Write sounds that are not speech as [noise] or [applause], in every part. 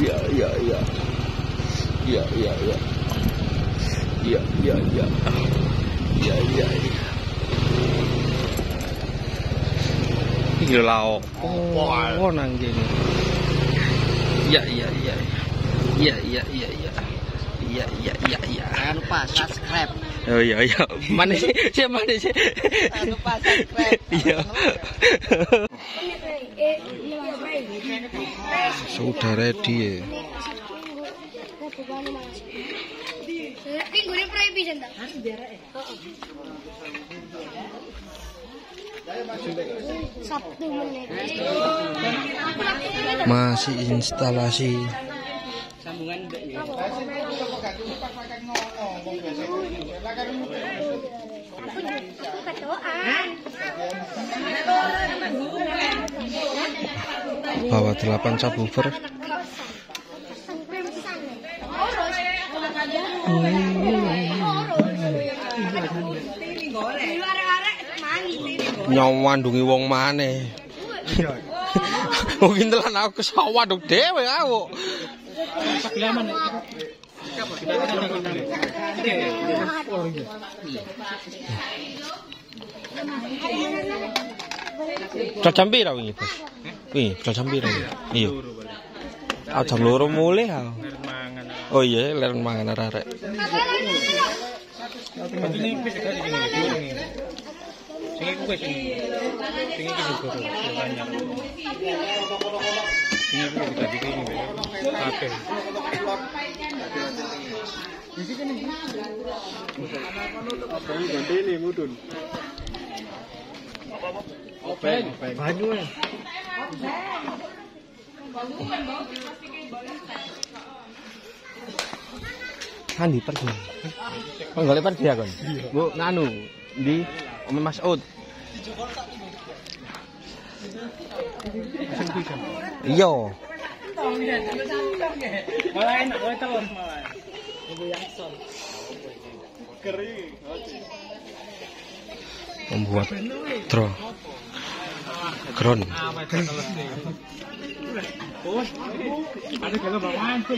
iya iya iya iya iya iya iya iya iya iya iya iya iki lha opo opo nang kene iya iya iya iya iya iya iya iya iya iya iya jangan lupa subscribe oh iya iya mana sih mana [laughs] sih lupa subscribe iya [laughs] Sudah ready ya. Masih instalasi sambungan ndek ya. Bawa 8 subwoofer. Nyong wandungi wong maneh. Mungkin telan aku kesawat dok dewe aku. Pakilaman. wingi, Iya. Ah jam loro mulai ah. ha. Oh iya, ler mangan arek. Tinggi tinggi. Tinggi Banyak. Tinggi kita di ini guys. ini mudun. Open. ya. pergi. Kok Bu, nganu di Mas Oud. Yo. Malah enak telur malah. Membuat tro. Kron.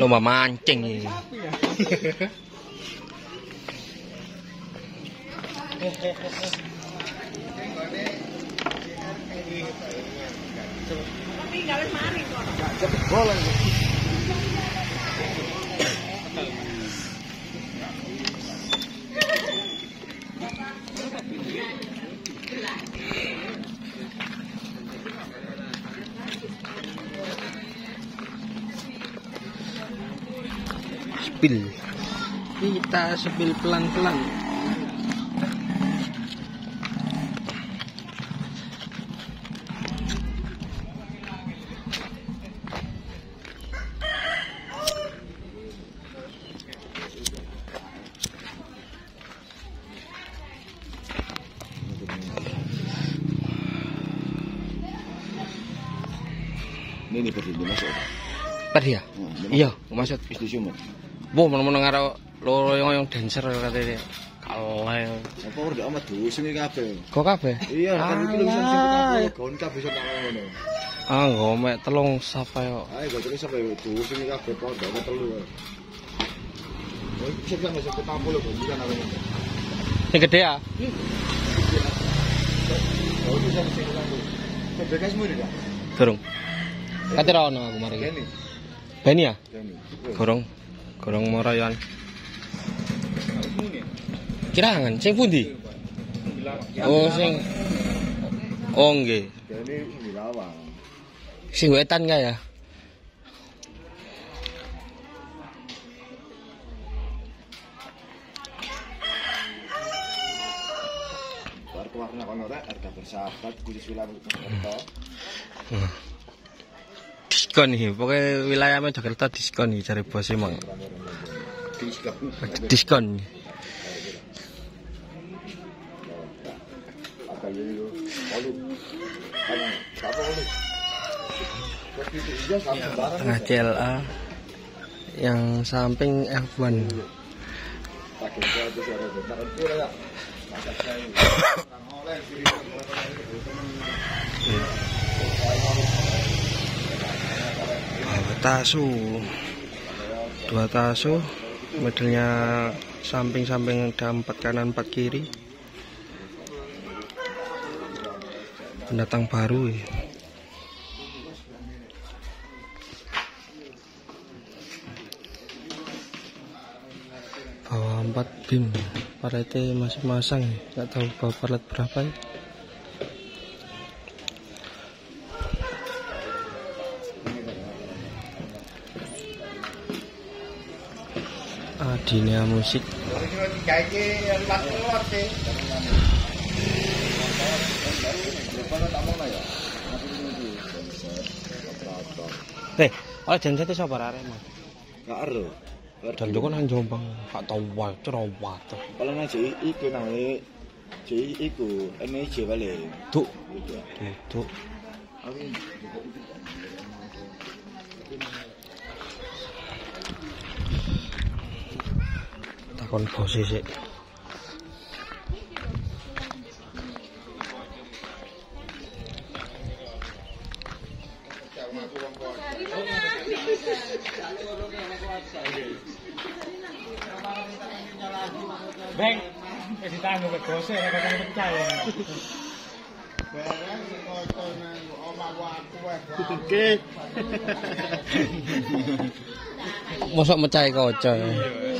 Lomba mancing Hehehe. [laughs] Tapi gawe mari kok. Boleh. Spill. Kita spill pelan-pelan. ini ya? hmm, iya. ya. berdiri iya, kan ah, oh, masuk. Tadi ya? Iya, masuk. Istri sumur. Bu, mau meneng loro yang dancer katanya. Kalau Apa amat tuh sini kafe. Kok kafe? Iya, kan Ah, gomek telung yo. Ayo terus yo bisa gede ya? Kate ra ono aku mari. Beni. Beni ya? Beni. Gorong gorong morayan. Kirangan sing pundi? Oh sing Oh nggih. Beni Wilawang. Sing wetan kaya. warna kono ta harga bersahabat kulis untuk Purwokerto diskon nih pokoknya wilayahnya Jakarta diskon nih cari bos emang diskon tengah CLA yang samping F1 tasu dua tasu modelnya samping-samping ada empat kanan empat kiri pendatang baru ya. Eh. bawa empat bim parete masih masang eh. nggak tahu bawa parlet berapa ya dunia musik Eh, oleh jan itu siapa rare mah? Gak ada Dan juga nang Jombang, gak tau wae cerowat. Kalau nang JI itu nang JI itu ini e JI balik. Duk. Gitu. Duk. Aku con phò xì xì Bang, kasi tayo ng magkose, nakakalimutan tayo. Masok mo chay ko, chay.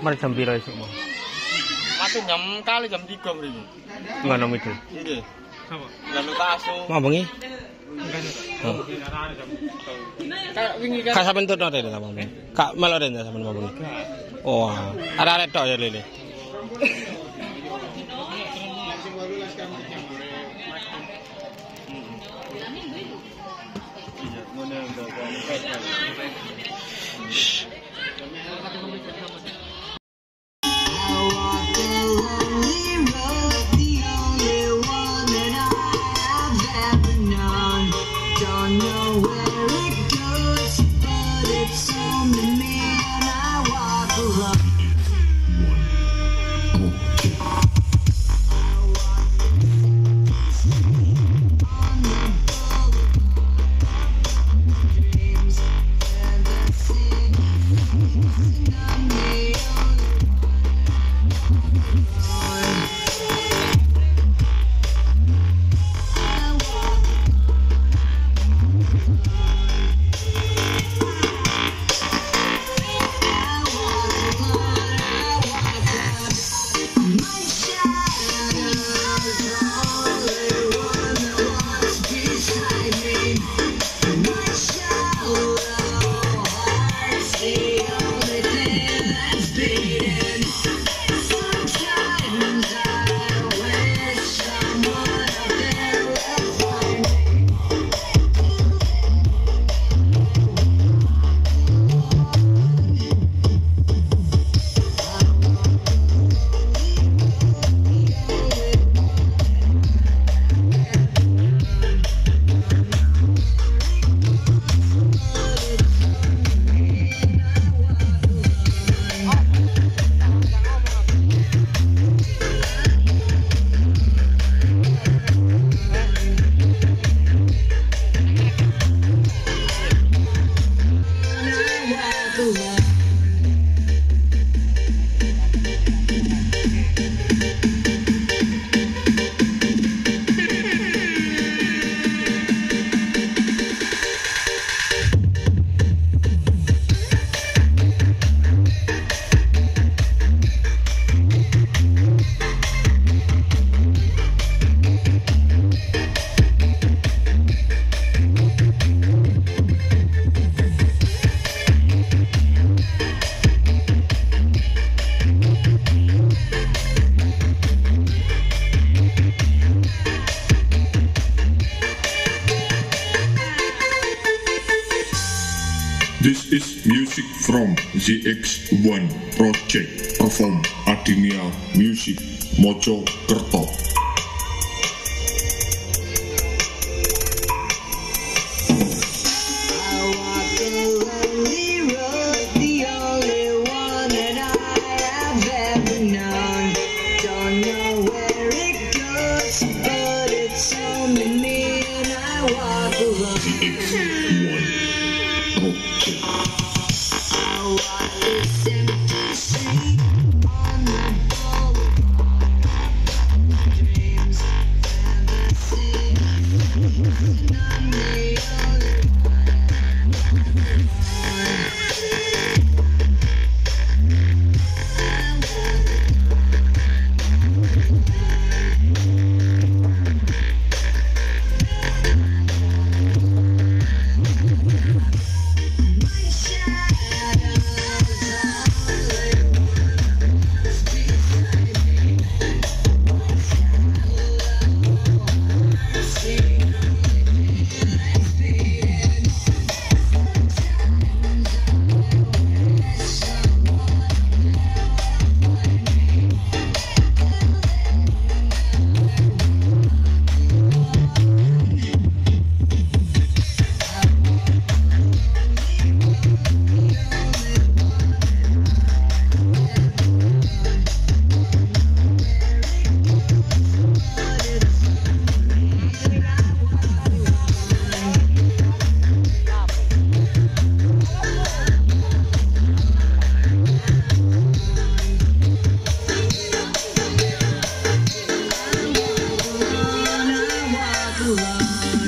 mari jam piro esuk mau Mati jam kali jam 3 mriki. Enggak nomi dul. Iya. Nggih. Sapa? Lalu kasu. Mau bengi? Kan. Kak sampean tuh nore ta Kak melore ta sampean mau bengi. Oh, ada-ada tok ya Lili. This is music from ZX1 Project performed Adinia Music Mojokerto. love.